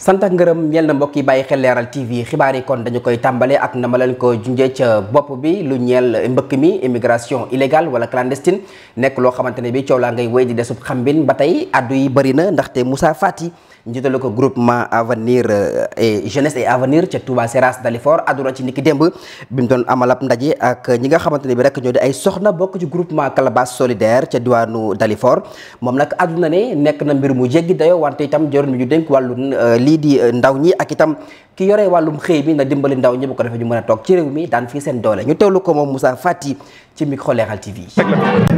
sant ak ngërëm ñeel na mbokk yi bàyyi xel leeral TV xibaar yi kon dañu koy tàmbale ak na ma leen ko junjee ca bopp bi lu ñeel mbëkk mi immigration illégale wala clandestine nekk loo xamante ne bi coow laa ngay wéy di desub xam bin ba tey addu yi bëri na ndaxte Moussa Fati njiitalu ko groupement avenir euh, et jeunesse et avenir ca Touba Seras Dalifort àdduna ci niki demb bi mu doon amalab ndaje ak ñi nga xamante ne bi rek ñoo di ay soxna bokk ci groupement Calabas solidaire ca diwaanu dalifor moom nag àdduna ne nekk na mbir mu jéggi dayo wante itam jor mi ñu dénk wàllu euh, lii di euh, ndaw ñi ak itam ki yore wàllum xëy bi na dimbali ndaw ñi bu ko defee ñu mën a toog ci réew mi daan fii seen doole ñu teewlu ko moom Moussa Fati ci micro Leral TV.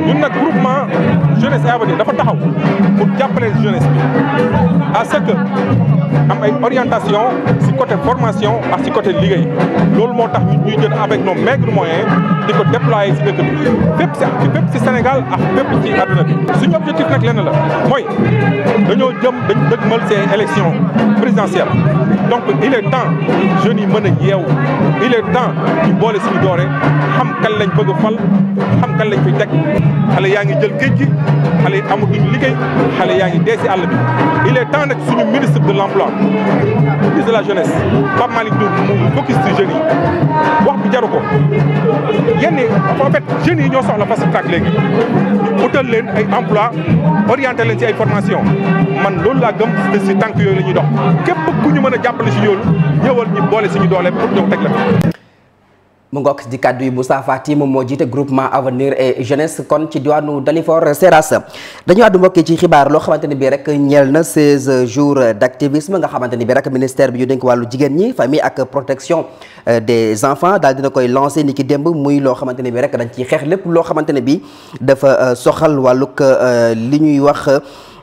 ñun nag groupement jeunesse dafa taxaw pour jàppale jeunesse bi am ay orientation si côté formation ak côté liggéey loolu moo tax ñuy jël avec nos maigres moyens di ko déployer si dëkk bi fépp si fépp si Sénégal ak fépp ci àdduna bi. suñu objectif nag lenn la mooy dañoo jëm dañ dëgmal seen élection présidentielle est temps jeunes yi mën a yeewu il est temps ñu boole suñu doore xam kan lañ bëgg a fal xam kan lañ fiy teg xale yaa ngi jël géej gi xale yi amatuñu liggéey xale yaa ngi dee si àll bi il est temps nag suñu ministre de l'emploi ministre de la jeunesse Pape Malick Ndour mu focus ci jeunes yi jaru ko yenn en fait yi ñoo soxla fast track léegi ñu utal leen ay emploi orienté leen ci ay formation man loolu laa gëm si tànk yooyu la ñuy dox képp ku ñu mën a jàppale si yoolu ñëwal ñu boole suñu doole pour ñëw teg la mu ngokk di kàddu yu Moussa Fati moom moo jiite groupement avenir et jeunesse kon ci diwaanu Dalifort Seras dañu àddu mbokki ci xibaar loo xamante ni bi rek ñeel na 16 jours d'activisme nga xamante ni bi rek ministère bi ñu ko wàllu jigéen ñi famille ak protection euh, des enfants daal dina koy lancé ni ki démb muy loo xamante ni bi rek dañ ciy xeex lépp loo xamante ne bi dafa euh, soxal wàllug euh, li ñuy wax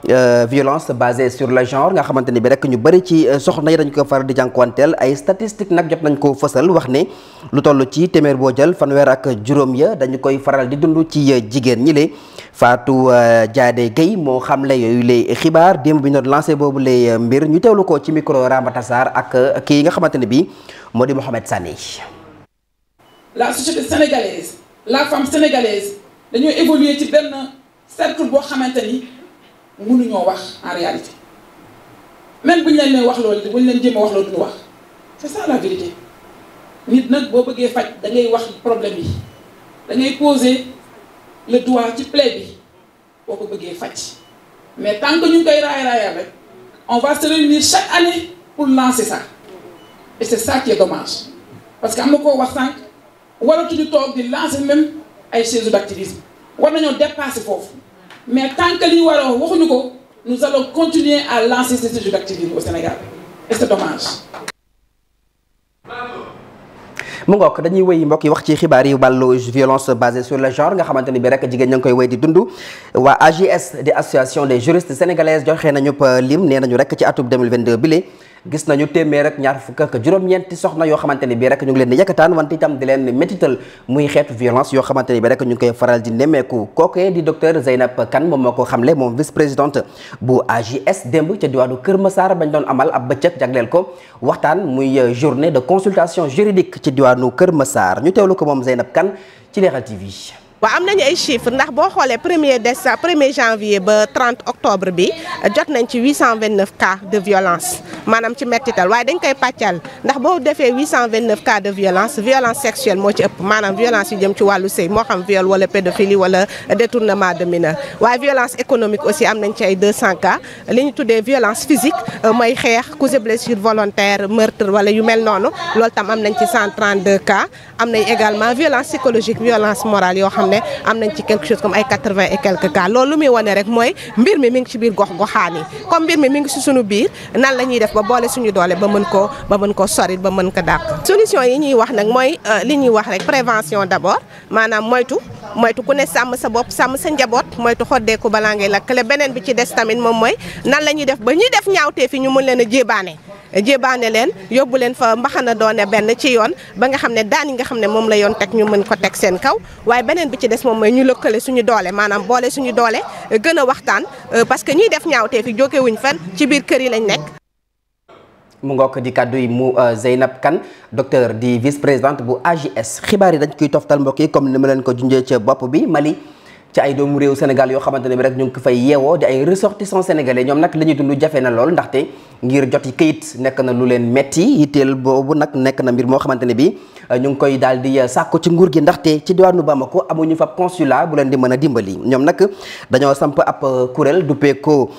Euh, violence basée sur le genre nga xamante ni bi rek ñu bari ci euh, soxna yi dañ ko faral di wanteel ay statistiques nag jot nañ ko fësal wax ne lu toll ci téeméer boo jël fanweer ak juróom ya dañu koy faral di dundu ci euh, jigéen ñi le faatu Diadé Guèye moo xam la yooyu lay xibaar démb bi ñu lancé boobu lay mbir ñu teewlu ko ci micro Ramata Sarr ak kii nga xamante ne bi moo di Mouhamed Sané. la mënuñoo wax en réalité même bu ñu leen leen wax loolu bu ñu leen jéem wax loolu duñu wax c'est ça la vérité nit nag boo bëggee faj da wax problème yi da ngay poser le doigt ci plaie bi boo ko bëggee faj mais tant que ñu ngi koy raaya raaya rek on va se réunir chaque année pour lancer sax et c'est ça qui est parce que am na koo wax sànq waratuñu toog di lancer même ay chaise d'activisme war nañoo dépasser foofu. mais tant que li ñu waxuñu ko nous allons continuer à lancer ce type d'activité au Sénégal et c'est dommage. mu ngook dañuy wéy mbokk yi wax ci xibaar yi wàllu violence basée sur le genre nga xamante ni bi rek jigéen ña ngi koy wéy di dund waa AJS di association des juristes sénégalaises joxe nañu lim nee nañu rek ci atum 2022 bile. gis nañu téeméer ak ñaar fukk ak juróom-ñeenti soxna yoo xamante ni bii rek ñu ngi leen di yekkataan wante itam di leen métital muy xeetu violence yoo xamante ni bii rek ñu ngi koy faral di nemmeeku kookee di docteur Zeynab Kane moom moo ko xamle moom vice présidente bu AJS démb ca diwaanu Kër Massar bañ doon amal ab bëccëg jagleel ko waxtaan muy journée de consultation juridique ci diwaanu Kër Massar ñu teewlu ko moom Zeynab Kane ci Leral TV waa am nañu ay chiffres ndax boo xoolee premier décembre premier janvier ba 30 octobre bi jot nañ ci 829 cas de violence maanaam ci mettital waaye dañ koy pàccal ndax boo defee 829 cas de violence violence sexuelle moo ci ëpp maanaam violence yu jëm ci wàllu sëy moo xam viol wala pédophilie wala détournement de mineur waaye violence économique aussi am nañ ci ay 200 cas li ñu tuddee violence physique euh, mooy xeex coups et blessures volontaires meurtre wala yu mel noonu loolu tam am nañ ci 132 cas am nañ également violence psychologique yoo xam ne am nañ ci quelque chose comme ay quatre vingt et quelques cas loolu lu muy wane rek mooy mbir mi mi ngi ci biir gox goxaan comme mbir mi mi ngi si suñu biir nan la ñuy def ba boole suñu doole ba mën koo ba mën ko sori ba mën ko dàq solution yi ñuy wax nag mooy euh, li ñuy wax rek prévention d'abord maanaam moytu moytu ku ne sàmm sa bopp sàmm sa njaboot moytu xoddeeku bala ngay lakkale beneen bi ci des tamit moom mooy nan la ñuy def ba ñuy def ñaawtee fi ñu mën leen a jébaane jébaane leen yóbbu leen fa mbaxana doone benn ci yoon ba nga xam ne daan yi nga xam ne moom la yoon teg ñu mën ko teg seen kaw waaye beneen bi ci des moom mooy ñu lëkkale suñu doole maanaam boole suñu doole gën a waxtaan euh, parce que ñuy def ñaawtee fi jógewuñ fenn ci biir kër yi lañ nekk mu ngook di kaddu yi mu euh, Zeynab kan docteur di vice présidente bu AJS xibaar yi dañ koy toftal mbokk yi comme ni ma leen ko junjee ca bopp bi Mali ci ay doomu réew Sénégal yoo xamante ne bi rek ñu ngi ko fay yeewoo di ay ressortissants sénégalais ñoom nag la ñuy dund jafe na lool ndaxte ngir jot yi kayit nekk na lu leen metti yitteel boobu nag nekk na mbir moo xamante ne bi euh, ñu ngi koy daal di euh, sàkku ci nguur gi ndaxte ci diwaanu Bamako amuñu fa consulat bu leen di mën a dimbali ñoom nag dañoo samp ab euh, kuréel duppee ko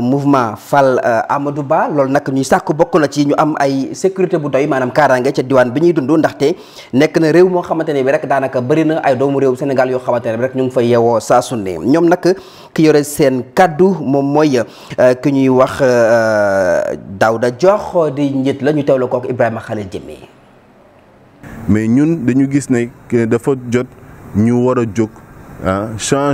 mouvement Fal Amadou Ba loolu nag ñuy sàkku bokk na ci ñu am ay sécurité bu doy maanaam kaaraange ca diwaan bi ñuy dund ndaxte nekk na réew moo xamante ne bi rek daanaka bëri na ay doomu réew Sénégal yoo xamante ne bi rek ñu ngi fay yeewoo loxo su ne ñoom nag yore seen kaddu moom mooy euh, ki ñuy wax euh, Daouda Diokh di njiit la ñu teewlu ko ak Ibrahima Khalil mais ñun dañu gis ne dafa jot ñu war a jóg ah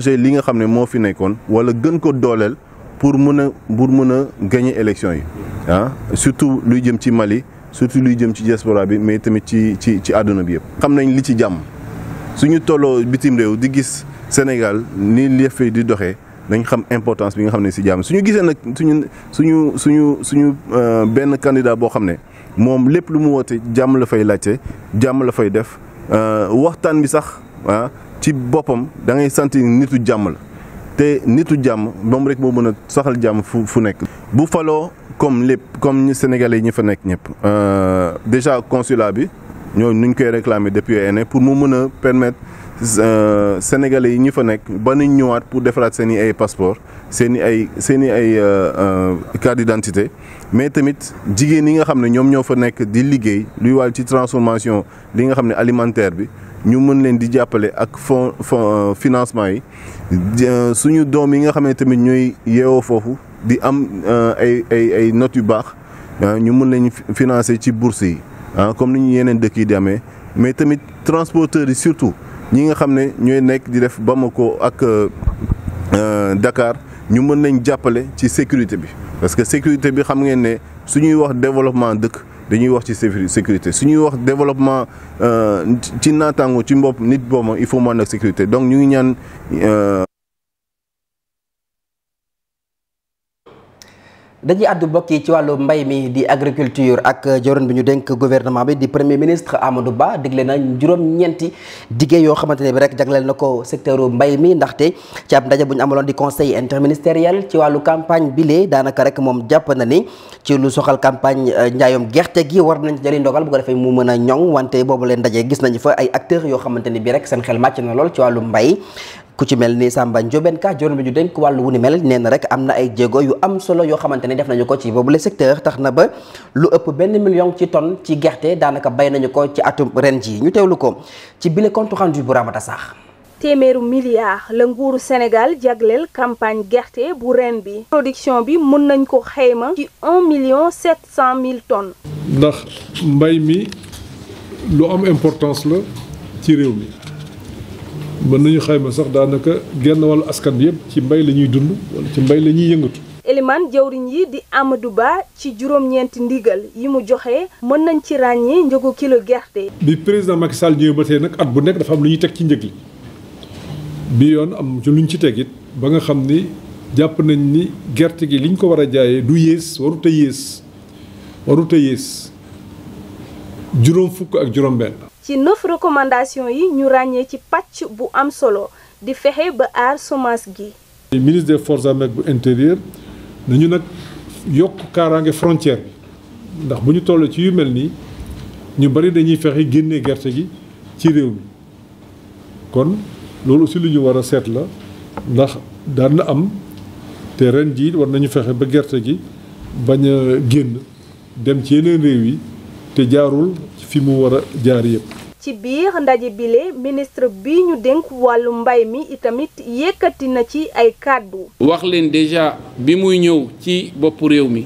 li nga xam ne moo fi nekkoon wala gën ko dooleel pour mën a pour mën a gagner élection yi ah surtout luy jëm ci Mali surtout luy jëm ci diaspora bi mais tamit ci ci ci àdduna bi yëpp. xam nañ li ci jàmm suñu tolloo bitim réew di gis Sénégal nii liy yi di doxee dañ xam importance bi nga xam ne si jàmm suñu gisee nag suñu suñu suñu suñu euh, benn candidat boo xam ne moom lépp lu mu woote jàmm fay laajte jàmm fay def euh, waxtaan bi sax ah ci boppam da ngay sentir nitu jàmm la te nitu jàmm moom rek moo mën a saxal jàmm fu fu nekk. bu faloo comme lépp comme ñu sénégalais ñu fa nekk ñëpp euh, déjà consulat bi. ñooñu nuñ koy réclamer depuis ay pour mu mën a permettre euh, sénégalais yi ñu fa nekk ba ñu ñëwaat pour defaraat seen i ay passeport seen i ay seen i ay euh, euh, carte d'identité mais tamit jigéen yi nga xam ne ñoom ñoo fa nekk di liggéey luy wàll ci transformation li nga xam ne alimentaire bi ñu mën leen di jàppale ak fond fond financement yi suñu doom yi nga xam ne tamit ñuy yeewoo foofu di am ay ay ay notes yu baax ñu mën leen financer ci bourse yi. ah comme ni ñu yeneen dëkk yi di amee mais tamit transporteurs yi surtout ñi nga xam ne ñooy nekk di def ko ak euh, euh, Dakar ñu mën nañ jàppale ci sécurité bi parce que sécurité bi xam ngeen ne su ñuy wax développement dëkk dañuy wax ci sécurité su ñuy wax développement euh, ci naataango ci mbopp nit booma il faut mu ànd sécurité donc ñu ngi ñaan. dañuy àddu bokk yi ci wàllu mbay mi di agriculture ak joroon bi ñu dénk gouvernement bi di premier ministre Amadou Ba digle na juróom-ñeenti diggé yoo xamante ne bi rek jagleel na ko secteur mbay mi ndaxte ci ab bu ñu amaloon di conseil interministériel ci wàllu campagne bile daanaka rek moom jàpp na ni ci lu soxal campagne euh, njaayum gerte gi war nañ jëli ndogal bu ko defee mu mën a ñoŋ wante boobu leen ndaje gis nañu fa ay acteurs yoo xamante ni bi rek seen xel màcc na lool ci wàllu mbay ku ci mel ni Samba Ndiobène Ka joroon bi ñu dénk wàllu wu ni mel nee na rek am na ay jéego yu am solo yoo xamante ne def nañu ko ci boobu le secteur tax na ba lu ëpp benn million ci tonne ci gerte daanaka bay nañu ko ci atum ren ji ñu teewlu ko ci bile compte rendu bu Ramata Sarr téeméeru milliard la nguuru Sénégal jagleel campagne gerte bu ren bi production bi mën nañ ko xayma ci un million sept cent mille tonnes ndax mbay mi lu am importance la ci réew mi mën nañu xayma sax daanaka genn wàllu askan bi yëpp ci mbay la ñuy dund wala ci mbay la ñuy yëngatu. Eliman jawriñ yi di Amadou Ba ci juróom-ñeenti ndigal yi mu joxe mën nañ ci ràññee njëgu kilo gerte. bi président Macky Sall ñëwee ba tey nag at bu nekk dafa am lu ñuy teg ci njëg li bi yoon am ci lu ñu ci teg it ba nga xam ni jàpp nañ ni gerte gi liñ ko war a jaayee du yées warut a yées warut yées juróom fukk ak juróom-benn. ci neuf recommandations yi ñu ràññee ci pàcc bu am solo di fexe ba aar semence gi. ministre des forces armées bu intérieur nañu nag yokk kaaraange frontière bi ndax bu ñu toll ci yu mel nii ñu bari dañuy fexe génne gerte gi ci réew mi kon loolu si lu ñu war a seet la ndax daan am te ren jii war nañu fexe ba gerte gi bañ génn dem ci yeneen réew yi te jaarul. fi war a jaar yëpp. ci biir ndaje bile ministre bi ñu dénk wàllu mbay mi itamit yëkkati na ci ay kàddu. wax leen déjà bi muy ñëw ci bopp réew mi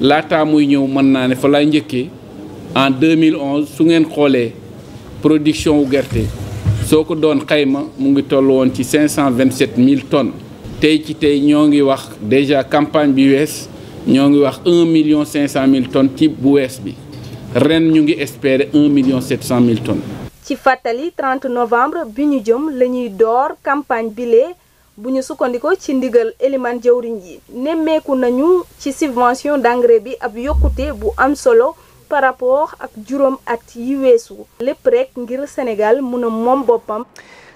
laataa muy ñëw mën naa ne fa laay njëkkee en 2011 su ngeen xoolee production wu gerte soo ko doon xayma mu ngi toll woon ci 527 000 tonnes tey ci tey ñoo ngi wax déjà campagne bi wees ñoo ngi wax 1 million 500 000 tonnes ci bu wees bi. ren ñu ngi espérer un million sept ci fàttali 30 novembre bi ñu jëm lañuy door campagne bile bu ñu sukkandiku ci ndigal Eliman jëwriñ yi nemmeeku nañu ci subvention d'engrais bi ab yokkute bu am solo par rapport ak juróom at yi weesu lépp rek ngir Sénégal mun a moom boppam.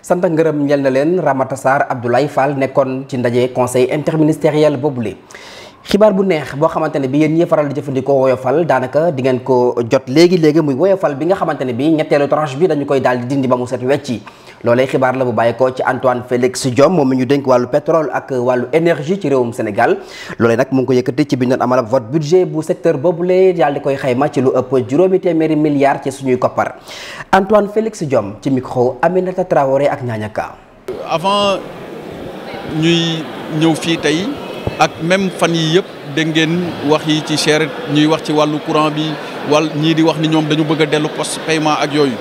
sant ak ngërëm ñel na leen Ramata Sarr Abdoulaye Fall nekkoon ci ndaje conseil interministériel boobule. xibaar bu neex boo xamante ne bi yéen ñi faral di jëfandikoo woyofal daanaka di ngeen ko jot léegi-léegi muy woyofal bi nga xamante ne bi ñetteelu tranche bi dañu koy daal di dindi ba mu set wecci loolee xibaar la bu bàyyeekoo ci Antoine Félix Diome moom mi ñu dénk wàllu pétrole ak wàllu énergie ci réewum Sénégal loolee nag mu ngi ko yëkkati ci bi ñu doon amal ab vote budget bu secteur boobulee daal di koy xayma ci lu ëpp juróomi téeméeri milliards ci suñuy koppar Antoine Félix Diome ci micro Aminata Traoré ak Ñaañaka avant ñuy ñëw fii tey ak même fan yii yëpp dégg ngeen wax yi ci cher ñuy wax ci wàllu courant bi wal ñii di wax ni ñoom dañu bëgg a dellu poste paiement ak yooyu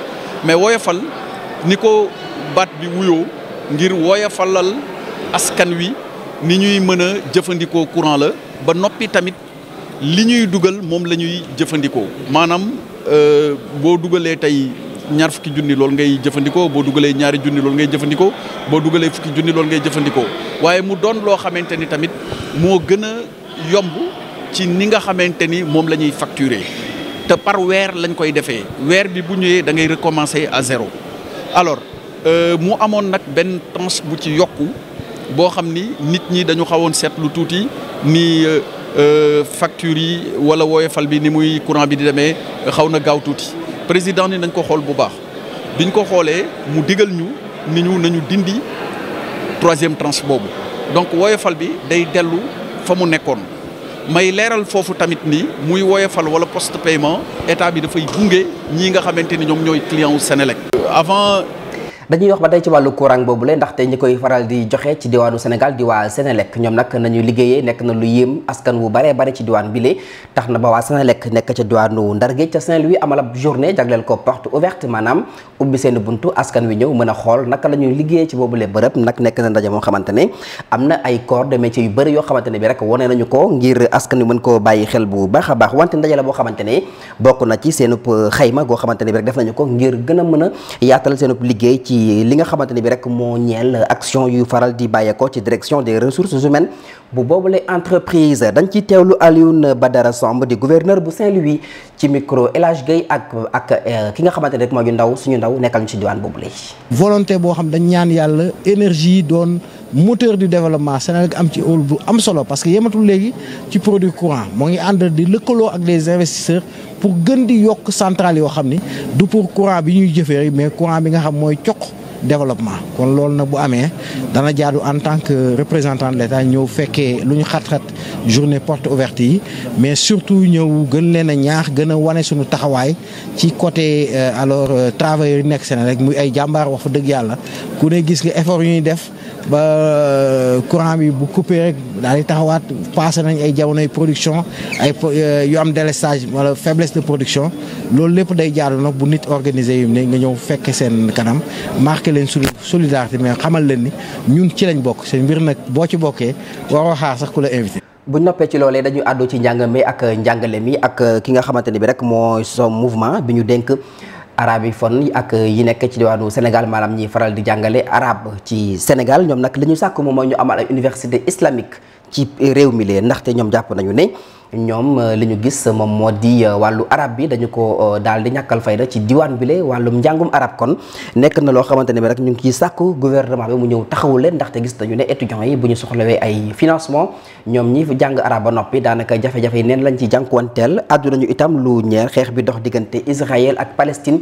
mais woyofal ni ko baat bi wuyoo ngir woyofalal askan wi ni ñuy mën a jëfandikoo courant la ba noppi tamit li ñuy dugal moom la ñuy jëfandikoo maanaam euh, boo dugalee tey ñaar fukki junni loolu ngay jëfandikoo boo dugalee ñaari junni loolu ngay jëfandikoo boo dugalee fukki junni loolu ngay jëfandikoo waaye mu doon loo xamante ni tamit moo gën a yomb ci ni nga xamante ni moom la ñuy facturer te par weer lañ koy defee weer bi bu ñëwee dangay ngay recommencer à zéro alors euh, mu amoon nag benn tranche bu ci yokku boo xam ni nit ñi dañu xawoon seetlu tuuti ni euh, euh, factures yi wala fal bi ni muy courant bi di demee xaw na gaaw tuuti président ni dañ ko xool bu baax biñ ko xoolee mu digal ñu ni ñu nañu dindi troisième tranche boobu donc woyofal bi day dellu fa mu nekkoon may leeral foofu tamit ni muy woyofal wala post paiement état bi dafay gunge ñii nga xamante ni ñoom ñooy client wu senelek avant dañuy wax ba tey ci wàllu courant boobu le ndaxte ñi koy faral di joxe ci diwaanu Sénégal di waa Sénélec ñoom nag nañu liggéeyee nekk na lu yéem askan wu baree bare ci diwaan bi lee tax na ba waa lekk nekk ca diwaanu Ndar Géej ca Saint-Louis amal ab journée jagleel ko porte ouverte maanaam ubbi seen buntu askan wi ñëw mën a xool naka la ñuy liggéeyee ci boobule bërëb nag nekk na ndaje moo xamante ne am na ay corps de yu bëri yoo xamante ne bi rek wane nañu ko ngir askan wi mën koo bàyyi xel bu baax a baax wante ndaje la boo xamante ne bokk na ci seenub xayma goo xamante ne bi rek nañu ko ngir gën a mën a liggéey ci ci li nga xamante ne bi rek moo ñeel action yu faral di bàyyeekoo ci direction des ressources humaines bu boobule entreprise dañ ciy teewlu Alioune Badara Samb di gouverneur bu Saint-Louis ci micro El Hadj ak ak euh, ki nga xamante ne rek moo ñu ndaw suñu ndaw nekkal ñu ci diwaan boobule. volonté boo xam dañ ñaan yàlla énergie doon. moteur du développement Senelec am ci rôle bu am solo parce que yematul léegi ci produit courant moo ngi ànd di lëkkaloo ak des investisseurs pour gën di yokk centrale yoo xam ni du pour courant bi ñuy jëfee rek mais courant bi nga xam mooy coq développement kon loolu na bu amee dana jaadu en tant que représentant de l'État ñëw fekkee lu ñu xat-xat journée porte ouverte yi mais surtout ñëw gën leen a ñaax gën a wane suñu taxawaay ci côté euh, alors euh, travailleurs yi nekk seen rek muy ay jàmbaar wax dëgg yàlla yu ñuy def ba euh, courant bi bu coupé rek daal di taxawaat passé nañ ay jamonoy production ay euh, yu am délestage wala faiblesse de production loolu lépp day jaadu nag bu nit organisé yu ne nga ñëw fekk seen kanam marqué leen solidarité mais xamal leen ni ñun ci lañ bokk seen mbir nag boo ci bokkee waroo xaar sax ku la invité. bu noppee ci loolee dañu àddu ci njàng mi ak njàngale mi ak ki nga xamante ne bi rek moo son mouvement bi ñu dénk. arabophone yi ak yi nekk ci diwaanu Sénégal maanaam ñi faral di jàngale arabe ci Sénégal ñoom nag li ñu sàkk moom mooy ñu amal ay université islamique ci réew mi lee ndaxte ñoom jàpp nañu ne ñoom euh, li ñu gis moom moo di euh, wàllu arab bi dañu ko euh, daal di ñàkkal fayda ci diwaan bi le wàllum njàngum arab kon nekk na loo xamante ne bi rek ñu ngi ciy sàkku gouvernement bi mu ñëw taxawu leen ndaxte gis nañu ne étudiants yi bu ñu soxlawee ay financement ñoom ñi jàng arab ba noppi daanaka jafe-jafe yi neen lañ ci jànkuwanteel addu ñu itam lu ñeer xeex bi dox diggante Israël ak Palestine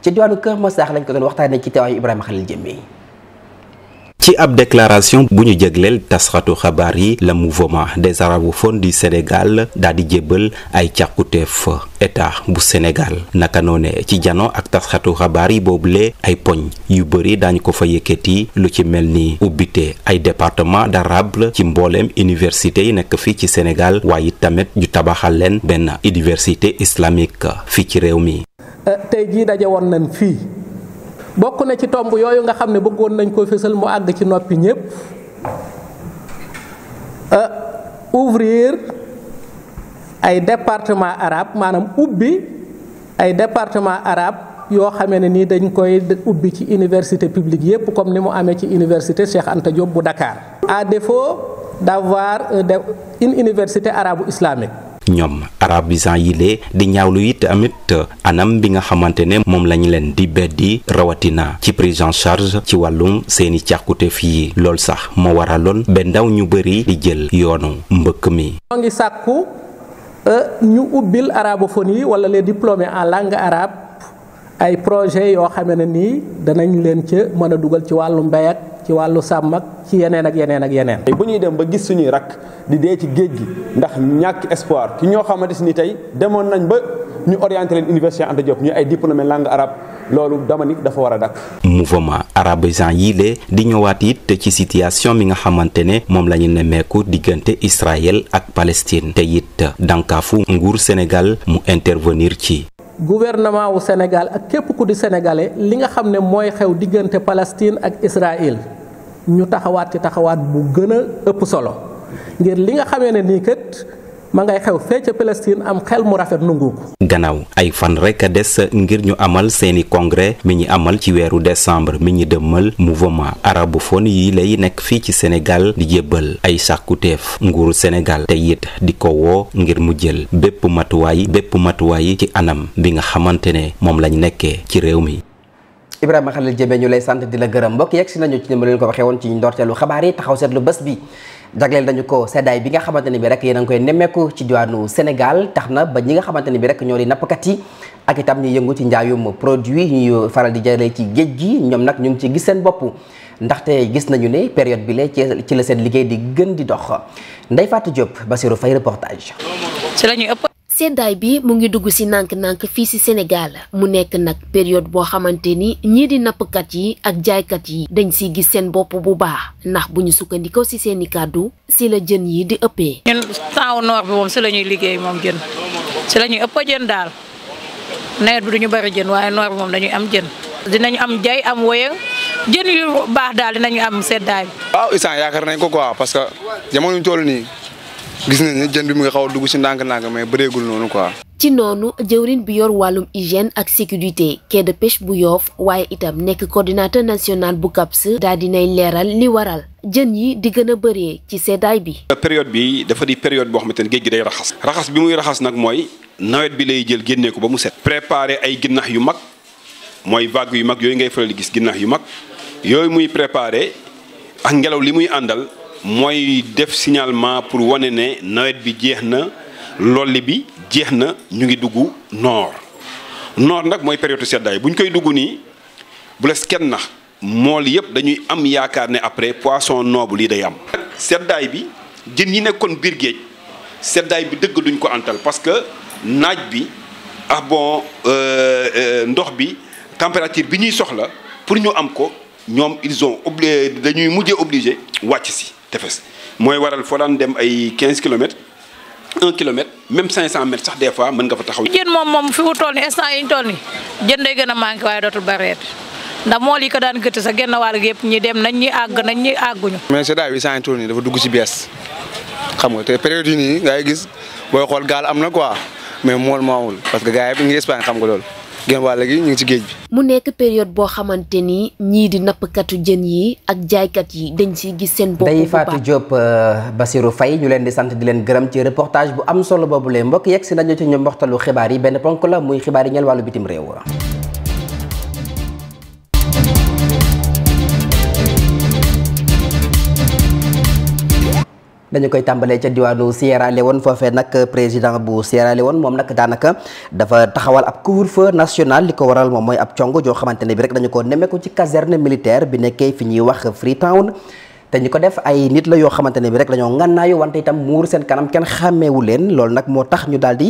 ci diwaanu Kër ma Masar lañ ko doon waxtaanee ci teewaayu Ibrahima Khalil Diémé ci ab déclaration bu ñu jégleel tasxatu xabaar yi la mouvement des arabophones du Sénégal daal di jébbal ay càkkuteef état bu Sénégal naka noone ci jano ak tasxatu xabaar yi boobule ay poñ yu bëri daañu ko fa yëkkati lu ci mel ni ubbite ay département d'arabe ci mbooleem université yi nekk fii ci Sénégal waaye tamit ju tabaxal leen benn université islamique fii ci réew mi. Eh, tey jii daje woon nañ fii. bokk na ci tomb yooyu nga xam ne bëggoon nañ ko fësal mu àgg ci noppi ñépp euh, ouvrir ay département arab maanaam ubbi ay departement arab yoo xamee ne nii dañ koy ubbi ci université publique yépp comme ni mu amee ci université Cheikh Anta Diop bu Dakar à défaut d'avoir une université arabo-islamique ñoom arabisants yi lee di ñaawlu it amit anam bi nga xamante ne moom lañu leen di beddi rawatina ci prise charge ci wàllum seeni càkkutéef yi loolu sax moo waraloon ba ndaw ñu bëri di jël yoonu mbëkk mi. ñoo ngi sàkku euh, ñu ubbil arabophonie wala les diplômés en langue arabe. ay projet yoo xamee ne nii danañ leen ca mën a dugal ci wàllu mbéy ak ci wàllu sàmm ak ci yeneen ak yeneen ak yeneen. bu ñuy dem ba gis suñuy rakk di dee ci géej gi ndax ñàkk espoir ci ñoo xamante ni tey demoon nañ ba ñu orienté leen université Anta Diop ñu ay diplômé langue arab loolu dama ni dafa war a dakk mouvement arabisant yii lee di ñëwaat it ci situation mi nga xamante ne moom la ñu nemmeeku diggante Israël ak Palestine te it dànkaafu nguur Sénégal mu intervenir ci. gouvernement wu Sénégal ak képp ku di sénégalais li nga xam ne mooy xew diggante Palestine ak Israël ñu taxawaat ci taxawaat bu gën a ëpp solo ngir li nga xamee ne nii kët ma ngay xew fee ca Palestine am xel mu rafet nangu ko. gannaaw ay fan rek des ngir ñu amal seeni congrès mi ñu amal ci weeru décembre mi ñu dëmmal mouvement arabophone yi lay nekk fii ci Sénégal di jébbal ay sàkkuteef nguuru Sénégal te it di ko woo ngir mu jël bépp matuwaay bépp matuwaay ci anam bi nga xamante ne moom lañ nekkee ci réew mi. a Khalil Jebe ñu lay sant di la gërëm mbokk yegg si nañu ci ni ma xabaar yi taxaw seet seetlu bés bi. jagleel nañu ko seddaay bi nga xamante ne bi rek yéen a koy nemmeeku ci diwaanu Sénégal tax na ba ñi nga xamante ne bi rek ñoo di nappkat yi ak itam ñu yëngu ci njaayum produit ñuy faral di jëlee ci géej gi ñoom nag ñu ngi ci gis seen bopp ndaxte gis nañu ni période bi la ci la seen liggéey di gën di dox Ndeye Fatou Diop Basirou Faye reportage ci lañuy ëpp seddaay bi mu ngi dugg si nànk-nànk fii si senegaal mu nekk nag période boo xamante ni ñii di nappkat yi ak jaaykat yi dañ siy gis seen bopp bu baax ndax bu ñu sukkandikoo si seen i kàddu si la jën yi di ëppee. ñun noor bi moom si la ñuy liggéey moom jën si la ëpp jën daal nawet bi du ñu jën waaye noor bi moom dañuy am jën. dinañu am jay am wóyang jën yu baax daal dinañu am seddaay bi. waaw yaakaar nañ ko quoi parce que jamono ñu toll nii. gis nañ ne jën bi mu ngi xaw a dugg ci ndànk-ndànk mais bëreegul noonu quoi. ci noonu jëwrin bi yor wàllum hygiène ak sécurité quai de pêche bu yoof waaye itam nekk coordinateur national bu CAPS daal dinay leeral li waral jën yi di gën a bëree ci seddaay bi. période bi dafa di période boo xamante ne géej gi day raxas. raxas bi muy raxas nag mooy nawet bi lay jël génnee ko ba mu set. préparer ay ginnax yu mag mooy vague yu mag yooyu ngay faral di gis ginnax yu mag yooyu muy préparer ak ngelaw li muy àndal. mooy def signalement pour wane ne nawet bi jeex na lolli bi jeex na ñu ngi dugg noor noor nag mooy période seddaay bu ñu koy dugg nii bu les kenn nax mool yëpp dañuy am yaakaar ne après poisson noble lii day am. seddaay bi jën yi nekkoon biir géej seddaay bi dëgg duñ ko antal parce que naaj bi ah bon euh, euh, ndox bi température bi ñuy soxla pour ñu am ko ñoom ils ont dañuy mujjee obligé wàcc si. tefes mooy waral foo daan dem ay quinze kilomètres 1 kilomètre même cent mètres sax des fois mën nga fa taxaw. jën moom moom fi mu toll nii instant yi ñu toll nii jën day gën a manqué waaye dootul bareet ndax mool yi ko daan gëtt sa genn wàll yëpp ñi dem nañ ñi àgg nañ ñi àgguñu. mais seddaay bi saa ñu toll nii dafa dugg ci bees xam nga te période yi nii ngay gis booy xool gaal am na quoi mais mool moo parce que gars yi bi ngi Espagne xam nga loolu. genn wàll gi ñu ngi ci géej bi. mu nekk période boo xamante ni ñii di nappkatu jën yi ak jaaykat yi dañ siy gis seen. bopp bu baax Ndeye Fatou Diop euh, ñu leen di sant di leen gërëm ci reportage bu am solo boobu lee mbokk yegg si nañu ci ñoom waxtalu xibaar yi benn ponk la muy xibaar yi ñeel wàllu bitim réew. dañu koy tàmbalee ca diwaanu Sierra Leone foofee nag président bu Sierra Leone moom nag daanaka dafa taxawal ab couvre-feu national li ko waral moom mooy ab congo joo xamante ne bi rek dañu ko nemmeeku ci caserne militaire bi nekkee fi ñuy wax Freetown te ñu ko def ay nit la yoo xamante ne bi rek dañoo ngannaayu wante itam muur seen kanam kenn xàmmeewu leen loolu nag moo tax ñu daal di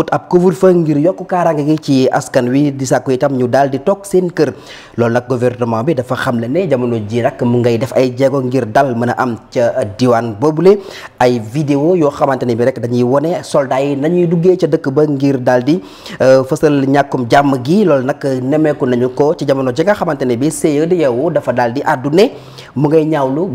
ut ab couvre-feu ngir yokk kaaraange gi ci askan wi di sàkku itam ñu daal di toog seen kër loolu nag gouvernement bi dafa xam le ne jamono ji nag mu ngay def ay jéego ngir dal mën a am ca diwaan boobule ay vidéo yoo xamante ne bi rek dañuy wone soldats yi nañuy duggee ca dëkk ba ngir daal di euh, fësal ñàkkum jàmm gi loolu nag nemmeeku nañu ko ci jamono ji nga xamante ne bi CEDEAO dafa daldi di àddune mu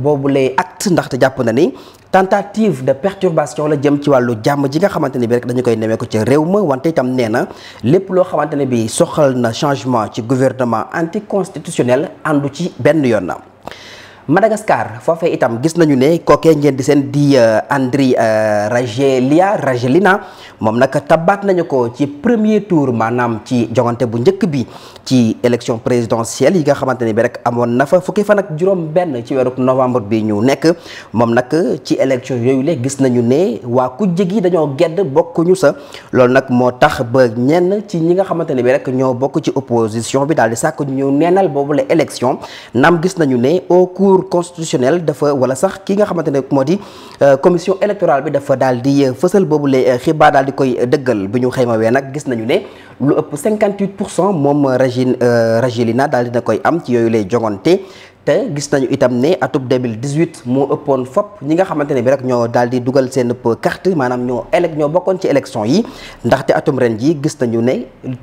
boobu lay acte ndaxte jàpp na ni tentative de perturbation la jëm ci wàllu jàmm ji nga xamante ne bi rek dañu koy nemee ko ci réew ma wante itam nee na lépp loo xamante ne bi soxal na changement ci gouvernement anticonstitutionnel àndu ci benn yoon na Madagascar foofee itam gis nañu ne kookee ngeen di seen di euh, Andry euh, Rajoelina Rajoelina moom nag tabaat nañu ko ci premier tour maanaam ci jongante bu njëkk bi ci élection présidentielle yi nga xamante ne bi rek amoon na fa fukki fan ak juróom benn ci weeru novembre bi ñu nekk moom nag ci élection yooyu le gis nañu ne waa ku jegi dañoo gedd bokkuñu sa loolu nag moo tax ba ñenn ci ñi nga xamante ne bi rek ñoo bokk ci opposition bi daal di sàkk ñu neenal boobu la élection cour constitutionnelle dafa wala sax ki nga xamante ne moo di euh, commission électorale bi dafa daal di euh, fësal boobu la euh, xibaar daal di koy dëggal bi ñu xaymawee nag gis nañu ne lu ëpp 58 pour cent moom Régine Régilina daal dina koy am ci yooyu lay jongante te gis nañu itam ne atub 2018 moo ëppoon fop ñi nga xamante ne bi rek ñoo daal di dugal seen carte maanaam ñoo élec ñoo bokkoon ci élection yi ndaxte atum ren ji gis nañu ne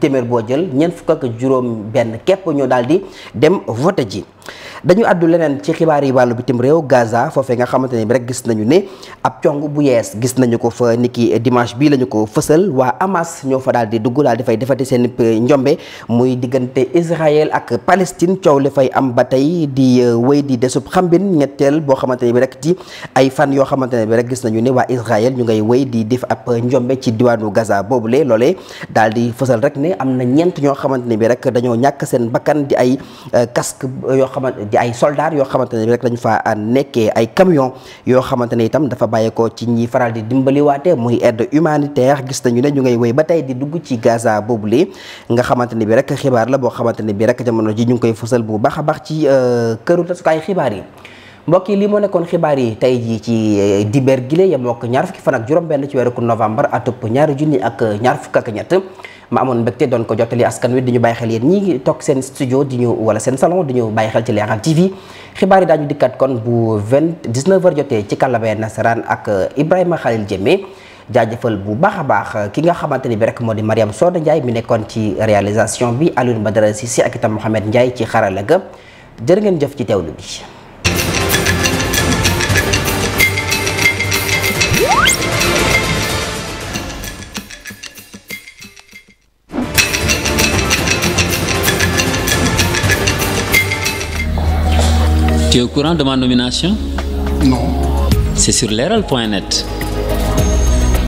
téeméer boo jël ñeent fukk ak juróom benn képp ñoo daal di dem vote ji dañu àddu leneen ci xibaar yi wàllu bitim réew Gaza foofee nga xamante ne bi rek gis nañu ne ab cong bu yees gis nañu ko fa niki dimanche bi lañu ko fësal waa Hamas ñoo fa daal di dugg daal di fay defati seen eh, njombe muy diggante Israël ak Palestine coow li fay am ba tey di eh, wéy di desub xambin ñetteel boo xamante ne bi rek ci ay fan yoo xamante ne bi rek gis nañu ne waa Israël ñu ngay di def ab eh, njombe ci diwaanu Gaza boobule loolee daal di fësal rek ne am na ñeent ñoo xamante ne bi rek dañoo ñàkk seen bakkan di ay casque yoo xamante di ay soldats yoo xamante ne rek lañu fa nekkee ay camion yoo xamante ne itam dafa bàyyeekoo ci ñi faral di dimbaliwaate muy aide humanitaire gis nañu ne ñu ngay wéy ba tey di dugg ci Gaza boobu lii nga xamante ne bi rek xibaar la boo xamante ne bi rek jamono ji ñu ngi koy fësal bu baax bax baax ci euh, këru tasukaay xibaar yi mbokk yi lii moo nekkoon xibaar yi tey jii ci euh, dibeer gile yemoo ko ñaar fukki fan ak juróom benn ci weeru novembre atub ñaari junni ak euh, ñaar fukk ak ñett ma amoon mbégte doon ko jottali askan wi di ñu bàyyi xel yéen ñi toog seen studio di ñu wala seen salon di ñu bàyyi xel ci Leral TV xibaar yi daañu dikkat kon bu 20 19h jotee ci kàllaamay nasaraan ak euh, Ibrahima Khalil Diémé jaajëfal bu baax a baax euh, ki nga xamante ni bi rek moo di Mariam Soda Ndiaye mi nekkoon ci réalisation bi Alioune Badara Cissé ak itam Mohamed Ndiaye ci xarala ga jërë ngeen jëf ci teewlu bi. Tu es au courant de ma nomination Non. C'est sur leral.net.